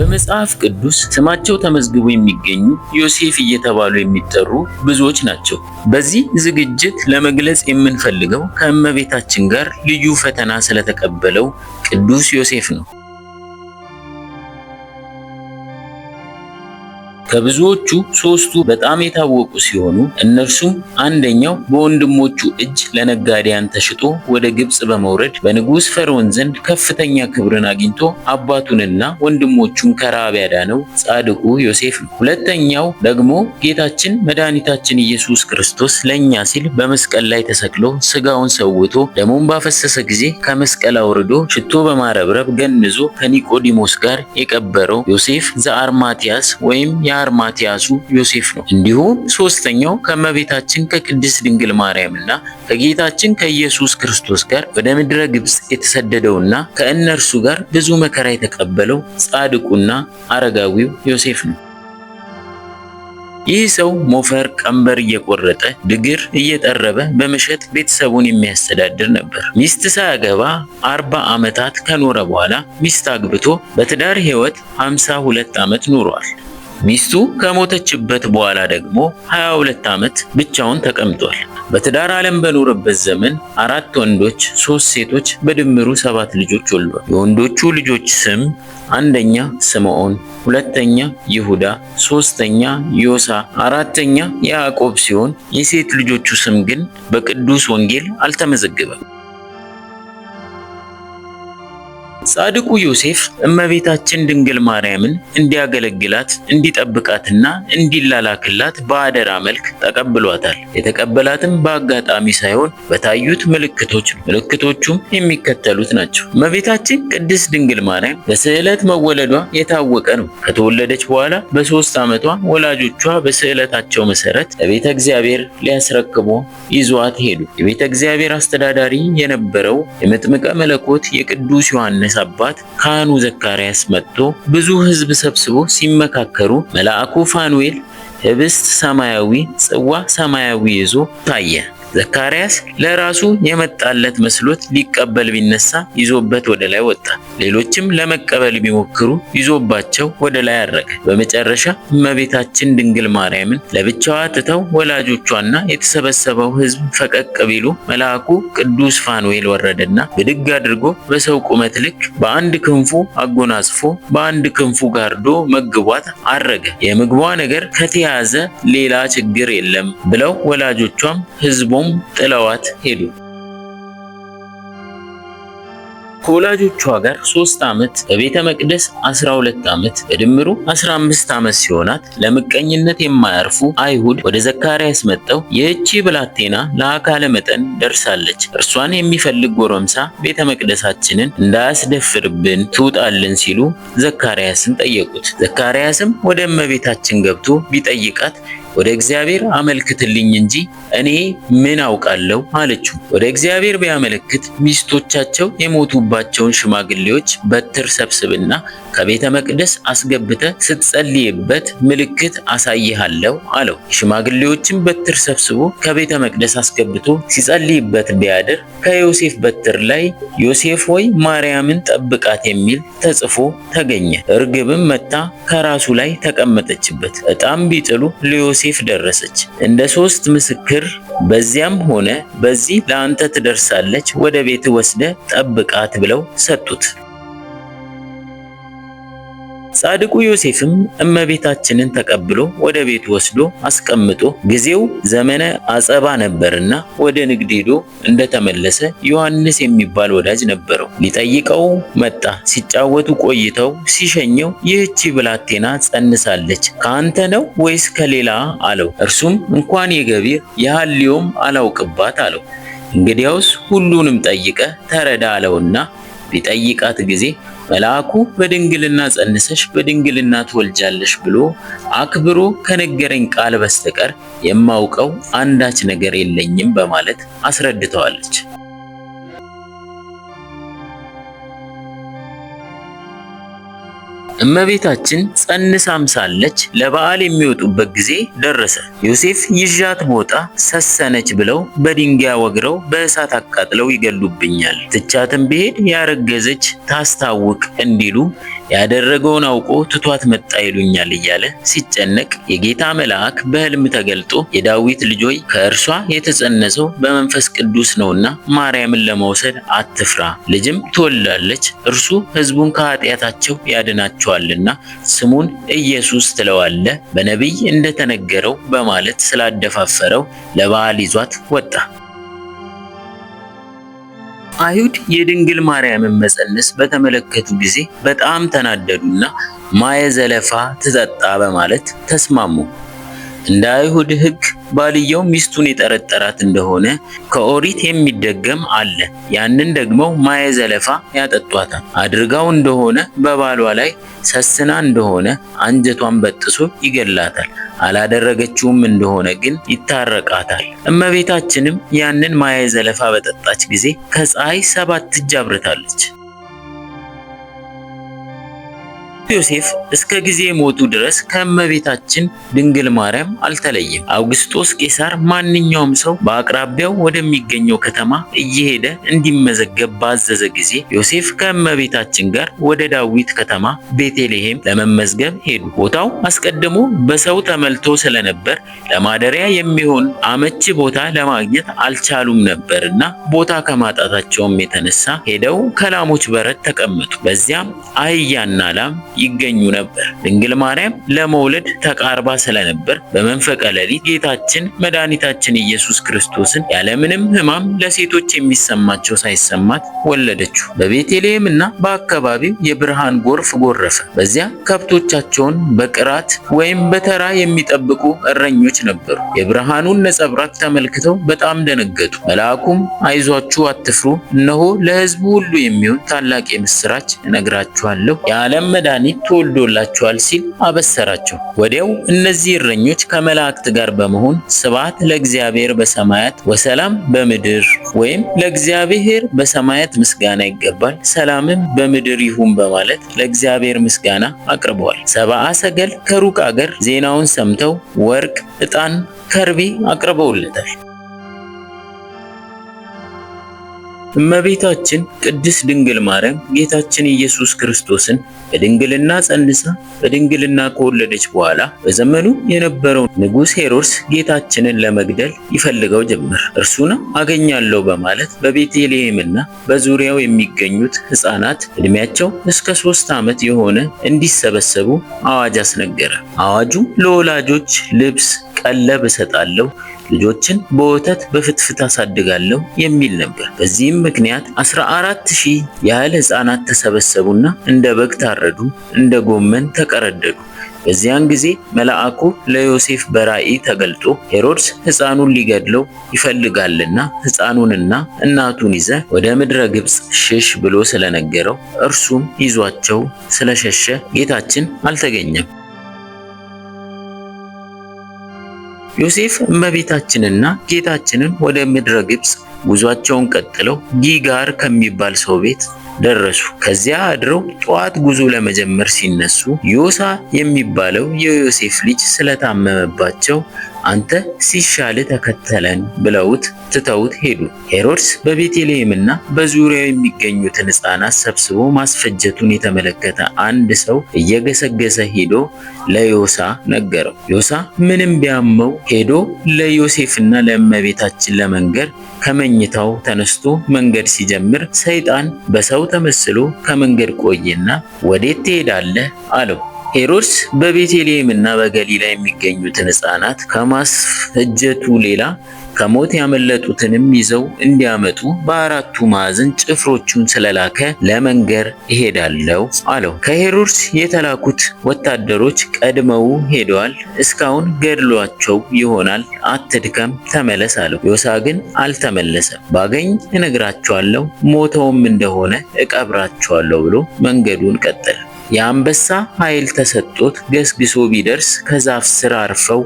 በመጽሐፍ ቅዱስ ስማቸው ተመዝግቦ የሚገኙ ዮሴፍ እየተባሉ የሚጠሩ ብዙዎች ናቸው። በዚህ ዝግጅት ለመግለጽ የምንፈልገው ከእመቤታችን ጋር ልዩ ፈተና ስለተቀበለው ቅዱስ ዮሴፍ ነው። ከብዙዎቹ ሶስቱ በጣም የታወቁ ሲሆኑ እነርሱም አንደኛው በወንድሞቹ እጅ ለነጋዴያን ተሽጦ ወደ ግብፅ በመውረድ በንጉሥ ፈርዖን ዘንድ ከፍተኛ ክብርን አግኝቶ አባቱንና ወንድሞቹን ከራብ ያዳነው ጻድቁ ዮሴፍ ነው። ሁለተኛው ደግሞ ጌታችን መድኃኒታችን ኢየሱስ ክርስቶስ ለእኛ ሲል በመስቀል ላይ ተሰቅሎ ስጋውን ሰውቶ ደሙን ባፈሰሰ ጊዜ ከመስቀል አውርዶ ሽቶ በማረብረብ ገንዞ ከኒቆዲሞስ ጋር የቀበረው ዮሴፍ ዘአርማትያስ ወይም የአርማትያሱ ዮሴፍ ነው። እንዲሁም ሶስተኛው ከእመቤታችን ከቅድስት ድንግል ማርያምና ከጌታችን ከኢየሱስ ክርስቶስ ጋር ወደ ምድረ ግብፅ የተሰደደውና ከእነርሱ ጋር ብዙ መከራ የተቀበለው ጻድቁና አረጋዊው ዮሴፍ ነው። ይህ ሰው ሞፈር፣ ቀንበር እየቆረጠ ድግር እየጠረበ በመሸጥ ቤተሰቡን የሚያስተዳድር ነበር። ሚስት ሳያገባ አርባ ዓመታት ከኖረ በኋላ ሚስት አግብቶ በትዳር ሕይወት ሃምሳ ሁለት ዓመት ኑሯል። ሚስቱ ከሞተችበት በኋላ ደግሞ 22 ዓመት ብቻውን ተቀምጧል። በትዳር ዓለም በኖረበት ዘመን አራት ወንዶች፣ ሶስት ሴቶች በድምሩ ሰባት ልጆች ወልዷል። የወንዶቹ ልጆች ስም አንደኛ ስምዖን፣ ሁለተኛ ይሁዳ፣ ሶስተኛ ዮሳ፣ አራተኛ ያዕቆብ ሲሆን የሴት ልጆቹ ስም ግን በቅዱስ ወንጌል አልተመዘገበም። ጻድቁ ዮሴፍ እመቤታችን ድንግል ማርያምን እንዲያገለግላት እንዲጠብቃትና እንዲላላክላት በአደራ መልክ ተቀብሏታል። የተቀበላትም በአጋጣሚ ሳይሆን በታዩት ምልክቶች ምልክቶቹም የሚከተሉት ናቸው። እመቤታችን ቅድስት ድንግል ማርያም በስዕለት መወለዷ የታወቀ ነው። ከተወለደች በኋላ በሦስት ዓመቷ ወላጆቿ በስዕለታቸው መሰረት ለቤተ እግዚአብሔር ሊያስረክቦ ይዟት ሄዱ። የቤተ እግዚአብሔር አስተዳዳሪ የነበረው የመጥምቀ መለኮት የቅዱስ ዮሐንስ የዮሐንስ አባት ካህኑ ዘካርያስ መጥቶ ብዙ ሕዝብ ሰብስቦ ሲመካከሩ መልአኩ ፋኑኤል ህብስት ሰማያዊ፣ ጽዋ ሰማያዊ ይዞ ታየ። ዘካርያስ ለራሱ የመጣለት መስሎት ሊቀበል ቢነሳ ይዞበት ወደ ላይ ወጣ። ሌሎችም ለመቀበል ቢሞክሩ ይዞባቸው ወደ ላይ አረገ። በመጨረሻ እመቤታችን ድንግል ማርያምን ለብቻዋ ትተው ወላጆቿና የተሰበሰበው ሕዝብ ፈቀቅ ቢሉ መልአኩ ቅዱስ ፋኑኤል ወረደና ብድግ አድርጎ በሰው ቁመት ልክ በአንድ ክንፉ አጎናጽፎ በአንድ ክንፉ ጋርዶ መግቧት አረገ። የምግቧ ነገር ከተያዘ ሌላ ችግር የለም ብለው ወላጆቿም ሕዝቡ ተሸክመውም ጥለዋት ሄዱ። ከወላጆቿ ጋር ሶስት ዓመት በቤተ መቅደስ 12 ዓመት በድምሩ 15 ዓመት ሲሆናት ለምቀኝነት የማያርፉ አይሁድ ወደ ዘካርያስ መጠው ይህቺ ብላቴና ለአካለ መጠን ደርሳለች፣ እርሷን የሚፈልግ ጎረምሳ ቤተ መቅደሳችንን እንዳያስደፍርብን ትውጣልን ሲሉ ዘካርያስን ጠየቁት። ዘካርያስም ወደ እመቤታችን ገብቶ ቢጠይቃት ወደ እግዚአብሔር አመልክትልኝ እንጂ እኔ ምን አውቃለሁ አለችው። ወደ እግዚአብሔር ቢያመለክት ሚስቶቻቸው የሞቱባቸውን ሽማግሌዎች በትር ሰብስብና ከቤተ መቅደስ አስገብተ ስትጸልይበት ምልክት አሳይሃለሁ አለው። ሽማግሌዎችን በትር ሰብስቦ ከቤተ መቅደስ አስገብቶ ሲጸልይበት ቢያድር ከዮሴፍ በትር ላይ ዮሴፍ ወይ ማርያምን ጠብቃት የሚል ተጽፎ ተገኘ። እርግብም መታ ከራሱ ላይ ተቀመጠችበት። እጣም ቢጥሉ ለዮሴፍ ደረሰች። እንደ ሶስት ምስክር በዚያም ሆነ በዚህ ለአንተ ትደርሳለች፣ ወደ ቤት ወስደ ጠብቃት ብለው ሰጡት። ጻድቁ ዮሴፍም እመቤታችንን ተቀብሎ ወደ ቤቱ ወስዶ አስቀምጦ ጊዜው ዘመነ አጸባ ነበርና ወደ ንግድ ሄዶ እንደተመለሰ ዮሐንስ የሚባል ወዳጅ ነበረው። ሊጠይቀው መጣ። ሲጫወቱ ቆይተው ሲሸኘው ይህቺ ብላቴና ጸንሳለች፣ ከአንተ ነው ወይስ ከሌላ አለው። እርሱም እንኳን የገቢር የሐልዮም አላውቅባት አለው። እንግዲያውስ ሁሉንም ጠይቀ ተረዳ አለውና ሊጠይቃት ጊዜ መልአኩ በድንግልና ጸንሰሽ በድንግልና ትወልጃለሽ ብሎ አክብሮ ከነገረኝ ቃል በስተቀር የማውቀው አንዳች ነገር የለኝም በማለት አስረድተዋለች። እመቤታችን ጸንሳም ሳለች ለበዓል የሚወጡበት ጊዜ ደረሰ። ዮሴፍ ይዣት ብወጣ ሰሰነች ብለው በድንጋይ ወግረው በእሳት አቃጥለው ይገሉብኛል፣ ትቻትን ብሄድ ያረገዘች ታስታውቅ እንዲሉ ያደረገውን አውቆ ትቷት መጣ ይሉኛል እያለ ሲጨነቅ የጌታ መልአክ በሕልም ተገልጦ የዳዊት ልጆች ከእርሷ የተጸነሰው በመንፈስ ቅዱስ ነውና ማርያምን ለመውሰድ አትፍራ፣ ልጅም ትወልዳለች፣ እርሱ ሕዝቡን ከኃጢአታቸው ያድናቸዋል ሰጥቷልና ስሙን ኢየሱስ ትለዋለ በነቢይ እንደተነገረው በማለት ስላደፋፈረው ለበዓል ይዟት ወጣ። አይሁድ የድንግል ማርያምን መጸነስ በተመለከቱ ጊዜ በጣም ተናደዱና ማየ ዘለፋ ትጠጣ በማለት ተስማሙ። እንደ አይሁድ ሕግ ባልየው ሚስቱን የጠረጠራት እንደሆነ ከኦሪት የሚደገም አለ። ያንን ደግሞ ማየ ዘለፋ ያጠጧታል። አድርጋው እንደሆነ በባሏ ላይ ሰስና እንደሆነ አንጀቷን በጥሶ ይገላታል። አላደረገችውም እንደሆነ ግን ይታረቃታል። እመቤታችንም ያንን ማየ ዘለፋ በጠጣች ጊዜ ከፀሐይ ሰባት እጅ አብርታለች። ዮሴፍ እስከ ጊዜ ሞቱ ድረስ ከእመቤታችን ድንግል ማርያም አልተለየም። አውግስጦስ ቄሳር ማንኛውም ሰው በአቅራቢያው ወደሚገኘው ከተማ እየሄደ እንዲመዘገብ ባዘዘ ጊዜ ዮሴፍ ከእመቤታችን ጋር ወደ ዳዊት ከተማ ቤተልሔም ለመመዝገብ ሄዱ። ቦታው አስቀድሞ በሰው ተመልቶ ስለነበር ለማደሪያ የሚሆን አመቺ ቦታ ለማግኘት አልቻሉም ነበርና ቦታ ከማጣታቸውም የተነሳ ሄደው ከላሞች በረት ተቀመጡ። በዚያም አህያና ላም ይገኙ ነበር። ድንግል ማርያም ለመውለድ ተቃርባ ስለነበር በመንፈቀ ሌሊት ጌታችን መድኃኒታችን ኢየሱስ ክርስቶስን ያለምንም ሕማም ለሴቶች የሚሰማቸው ሳይሰማት ወለደችው። በቤተልሔም እና በአካባቢው የብርሃን ጎርፍ ጎረፈ። በዚያ ከብቶቻቸውን በቅራት ወይም በተራ የሚጠብቁ እረኞች ነበሩ። የብርሃኑን ነጸብራት ተመልክተው በጣም ደነገጡ። መልአኩም አይዟችሁ፣ አትፍሩ፣ እነሆ ለሕዝቡ ሁሉ የሚሆን ታላቅ የምስራች እነግራችኋለሁ የዓለም መድኃኒት መድኃኒት ተወልዶላቸዋል ሲል አበሰራቸው። ወዲያው እነዚህ እረኞች ከመላእክት ጋር በመሆን ስብሐት ለእግዚአብሔር በሰማያት ወሰላም በምድር ወይም ለእግዚአብሔር በሰማያት ምስጋና ይገባል፣ ሰላምም በምድር ይሁን በማለት ለእግዚአብሔር ምስጋና አቅርበዋል። ሰብአ ሰገል ከሩቅ አገር ዜናውን ሰምተው ወርቅ፣ ዕጣን፣ ከርቤ አቅርበውለታል። እመቤታችን ቅድስት ድንግል ማርያም ጌታችን ኢየሱስ ክርስቶስን በድንግልና ጸንሳ በድንግልና ከወለደች በኋላ በዘመኑ የነበረው ንጉሥ ሄሮድስ ጌታችንን ለመግደል ይፈልገው ጀመር። እርሱንም አገኛለሁ በማለት በቤተልሔምና በዙሪያው የሚገኙት ሕፃናት ዕድሜያቸው እስከ ሶስት ዓመት የሆነ እንዲሰበሰቡ አዋጅ አስነገረ። አዋጁ ለወላጆች ልብስ፣ ቀለብ እሰጣለሁ ልጆችን በወተት በፍትፍት አሳድጋለሁ የሚል ነበር። በዚህም ምክንያት 14 ሺህ ያህል ህፃናት ተሰበሰቡና እንደ በግ ታረዱ፣ እንደ ጎመን ተቀረደዱ። በዚያን ጊዜ መልአኩ ለዮሴፍ በራእይ ተገልጦ ሄሮድስ ሕፃኑን ሊገድለው ይፈልጋልና ሕፃኑንና እናቱን ይዘ ወደ ምድረ ግብፅ ሽሽ ብሎ ስለነገረው እርሱም ይዟቸው ስለሸሸ ጌታችን አልተገኘም። ዮሴፍ እመቤታችንና ጌታችንን ወደ ምድረ ግብፅ ጉዟቸውን ቀጥለው ጊጋር ከሚባል ሰው ቤት ደረሱ። ከዚያ አድረው ጠዋት ጉዞ ለመጀመር ሲነሱ ዮሳ የሚባለው የዮሴፍ ልጅ ስለታመመባቸው አንተ ሲሻል ተከተለን ብለውት ትተውት ሄዱ። ሄሮድስ በቤተልሔምና በዙሪያው የሚገኙትን ሕፃናት ሰብስቦ ማስፈጀቱን የተመለከተ አንድ ሰው እየገሰገሰ ሄዶ ለዮሳ ነገረው። ዮሳ ምንም ቢያመው ሄዶ ለዮሴፍና ለእመቤታችን ለመንገር ከመኝታው ተነስቶ መንገድ ሲጀምር ሰይጣን በሰው ተመስሎ ከመንገድ ቆየና ወዴት ትሄዳለህ አለው። ሄሮድስ በቤተልሔም እና በገሊላ የሚገኙትን ሕፃናት ከማስፈጀቱ ሌላ ከሞት ያመለጡትንም ይዘው እንዲያመጡ በአራቱ ማዕዘን ጭፍሮቹን ስለላከ ለመንገር እሄዳለሁ አለው። ከሄሮድስ የተላኩት ወታደሮች ቀድመው ሄደዋል። እስካሁን ገድሏቸው ይሆናል። አትድከም፣ ተመለስ አለው። ዮሳ ግን አልተመለሰም። ባገኝ እነግራቸዋለሁ፣ ሞተውም እንደሆነ እቀብራቸዋለሁ ብሎ መንገዱን ቀጠለ። የአንበሳ ኃይል ተሰጥቶት ገስግሶ ቢደርስ ከዛፍ ስር አርፈው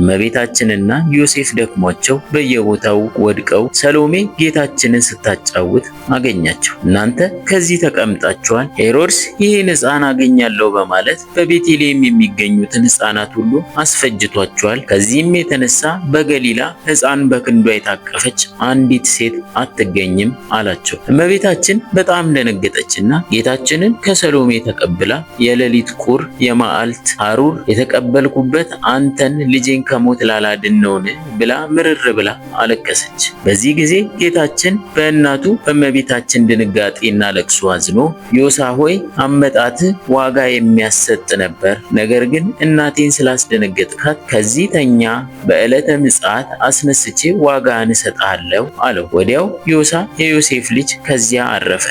እመቤታችንና ዮሴፍ ደክሟቸው በየቦታው ወድቀው ሰሎሜ ጌታችንን ስታጫውት አገኛቸው። እናንተ ከዚህ ተቀምጣችኋል። ሄሮድስ ይህን ሕፃን አገኛለሁ በማለት በቤተልሔም የሚገኙትን ሕፃናት ሁሉ አስፈጅቷቸዋል። ከዚህም የተነሳ በገሊላ ሕፃን በክንዷ የታቀፈች አንዲት ሴት አትገኝም አላቸው። እመቤታችን በጣም ደነገጠችና ጌታችንን ከሰሎሜ ተቀብላ ሌላ የሌሊት ቁር፣ የማዕልት ሐሩር የተቀበልኩበት አንተን ልጄን ከሞት ላላድን ነውን ብላ ምርር ብላ አለቀሰች። በዚህ ጊዜ ጌታችን በእናቱ በእመቤታችን ድንጋጤና ለቅሶ አዝኖ ዮሳ ሆይ አመጣት ዋጋ የሚያሰጥ ነበር፣ ነገር ግን እናቴን ስላስደነገጥካት ከዚህ ተኛ፣ በዕለተ ምጽአት አስነስቼ ዋጋን እሰጥሃለሁ አለው። ወዲያው ዮሳ የዮሴፍ ልጅ ከዚያ አረፈ።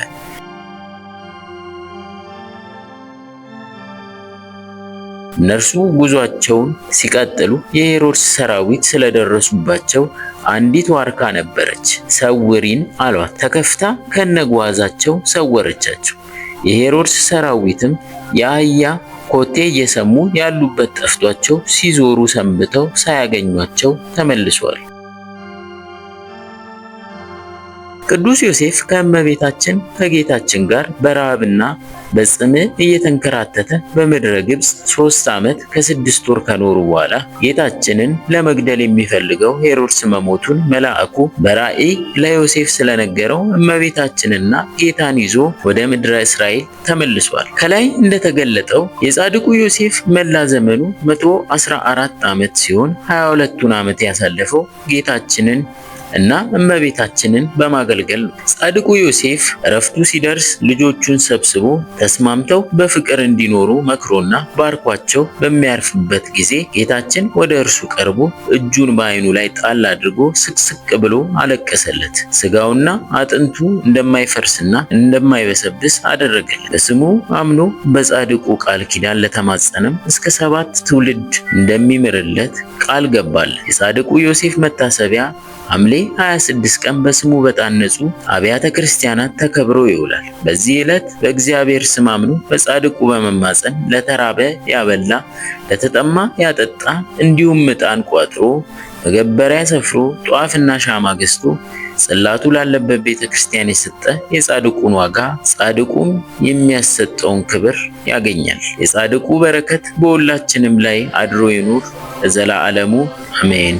እነርሱ ጉዟቸውን ሲቀጥሉ የሄሮድስ ሰራዊት ስለደረሱባቸው አንዲት ዋርካ ነበረች። ሰውሪን አሏት። ተከፍታ ከነጓዛቸው ሰወረቻቸው። የሄሮድስ ሰራዊትም የአህያ ኮቴ እየሰሙ ያሉበት ጠፍቷቸው ሲዞሩ ሰንብተው ሳያገኟቸው ተመልሷል። ቅዱስ ዮሴፍ ከእመቤታችን ከጌታችን ጋር በረሃብና በጽም እየተንከራተተ በምድረ ግብፅ ሶስት ዓመት ከስድስት ወር ከኖሩ በኋላ ጌታችንን ለመግደል የሚፈልገው ሄሮድስ መሞቱን መልአኩ በራእይ ለዮሴፍ ስለነገረው እመቤታችንና ጌታን ይዞ ወደ ምድረ እስራኤል ተመልሷል። ከላይ እንደተገለጠው የጻድቁ ዮሴፍ መላ ዘመኑ 114 ዓመት ሲሆን 22ቱን ዓመት ያሳለፈው ጌታችንን እና እመቤታችንን በማገልገል ነው። ጻድቁ ዮሴፍ እረፍቱ ሲደርስ ልጆቹን ሰብስቦ ተስማምተው በፍቅር እንዲኖሩ መክሮና ባርኳቸው በሚያርፍበት ጊዜ ጌታችን ወደ እርሱ ቀርቦ እጁን በዓይኑ ላይ ጣል አድርጎ ስቅስቅ ብሎ አለቀሰለት። ስጋውና አጥንቱ እንደማይፈርስና እንደማይበሰብስ አደረገለት። በስሙ አምኖ በጻድቁ ቃል ኪዳን ለተማጸነም እስከ ሰባት ትውልድ እንደሚምርለት ቃል ገባለት። የጻድቁ ዮሴፍ መታሰቢያ ሐምሌ 26 ቀን በስሙ በታነጹ አብያተ ክርስቲያናት ተከብሮ ይውላል። በዚህ ዕለት በእግዚአብሔር ስም አምኖ በጻድቁ በመማፀን ለተራበ ያበላ፣ ለተጠማ ያጠጣ፣ እንዲሁም ምጣን ቋጥሮ መገበሪያ ሰፍሮ ጧፍና ሻማ ገዝቶ ጽላቱ ላለበት ቤተ ክርስቲያን የሰጠ የጻድቁን ዋጋ ጻድቁም የሚያሰጠውን ክብር ያገኛል። የጻድቁ በረከት በሁላችንም ላይ አድሮ ይኑር ዓለሙ አሜን።